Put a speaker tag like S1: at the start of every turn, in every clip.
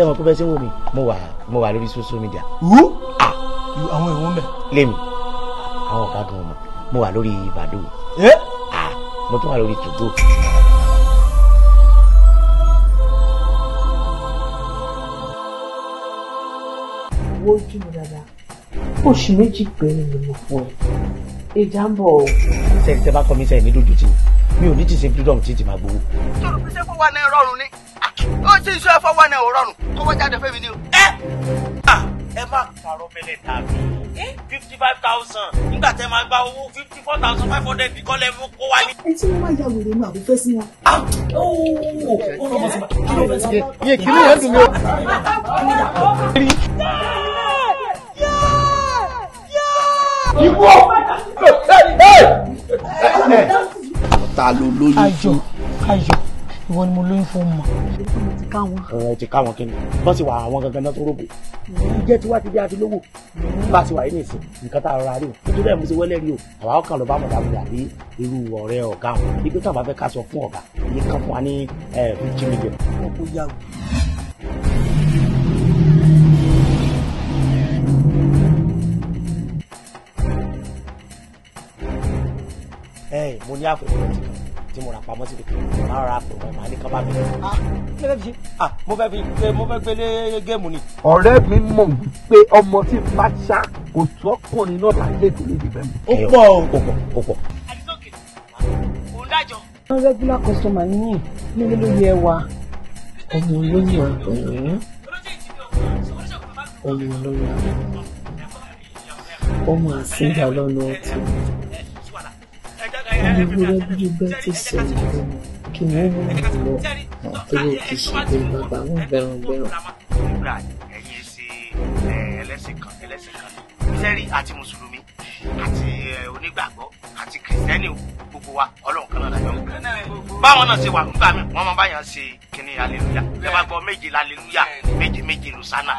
S1: sẹ́wọ̀n pé fẹ́sẹ̀ wò mí mo wà mo wà lórí social media. wú à ah, àwọn èèwọ̀ mẹ́. lémi àwọn ọ̀gá gan mọ̀ mo wà lórí ìbàdó. ẹ eh? à ah, mo tún wà lórí tògó. wo ojú mi dáadáa oṣù méjì péré ni mo fún ẹ ìjà ń bọ̀ ọ́. sẹ́yìn tẹ́ bá kọ́ mi sẹ́yìn ní dójú tì mí mi ò ní ti ṣe freedom tí máa gbowó. sọ̀rọ̀ pé sẹ́kọ̀ọ́ wà ní ìrọ̀rùn ni ó ti sọ ẹfọ wọn náà rọrùn kó wọ́n jáde fẹ́mi ni o. ẹ ẹ má parọ́ bẹ́lẹ̀ ta mi fifty five thousand nígbà tẹ máa gba owó fifty four thousand five hundred kọ́ lẹ mú kó wá ní. ẹ tí wọ́n máa ya wèrè mu àbúfẹ́ sí wọn. ó lọ bọ̀ sí ma. iye kìíní yẹn dùn mí o. Ìwọ! Ta ló lóyún fún? Ayọ̀, ayọ̀ ìwọ ni mo lóyún fún mọ. ọ̀rọ̀ ẹ ti ká wọn kí bọ́ sì wà àwọn gangan náà tó rògbò. ìjẹ́ tí wá ti bí a lówó bá a ti wà yín ní nǹkan tá a rọra rí o nítorí ẹ̀ mo ṣe wẹ́lẹ́ rí o àwa ọkàn ló bá mọ̀ dábò dàbí irú ọ̀rẹ́ ọ̀gá wọn ibi tó àbá fẹ́ ká sọ fún ọ̀gá iye kan fún wa ní fifty ẹ mo ní àfojúsùn tí mo rà pamọ́ sí kékeré mo máa ra pè wọ́n máa ní kábà mi. Ah, kí ló fi ah, mo fẹ́ fi mo fẹ́ gbélé géèmù ni. ọ̀rẹ́ mi mọ̀ pé ọmọ tí bá ṣá kò tọ́kùnrin náà láyé ìdílé ìdìbẹ́ mi. ó pọ̀ ó pọ̀ ó pọ̀. àdìsókè òun regular customer yín nílé ló yẹ wa ọmọ olóyè ọ̀hún ọmọ olóyè ọmọ àṣìjà lọ́nà ọ̀tún ewúrẹ́ bí igbá ti sọ̀rọ̀ báwọn náà ṣe wà nígbà mi wọ́n máa báyàn ṣe kínní aleluya ẹ bá méje laleluya méje méje lùsánà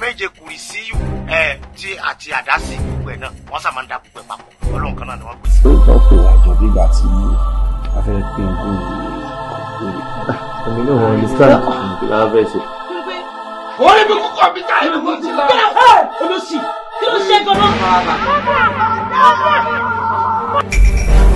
S1: méje kùrìsíyù ẹ ti àti àdásí gbogbo ẹ náà wọ́n sàmà ń da gbogbo ẹ papọ̀ kan náà ni wọ́n ó tọ́ pé àjọ bígbà tí a pé n kú ìwé èmi náà wọ́n understand kí ló fẹ́ ṣe. wọ́n rí mi kú kọ̀m̀pútà yìí kò ti lọ. olùsí kí ló ṣe gan-an.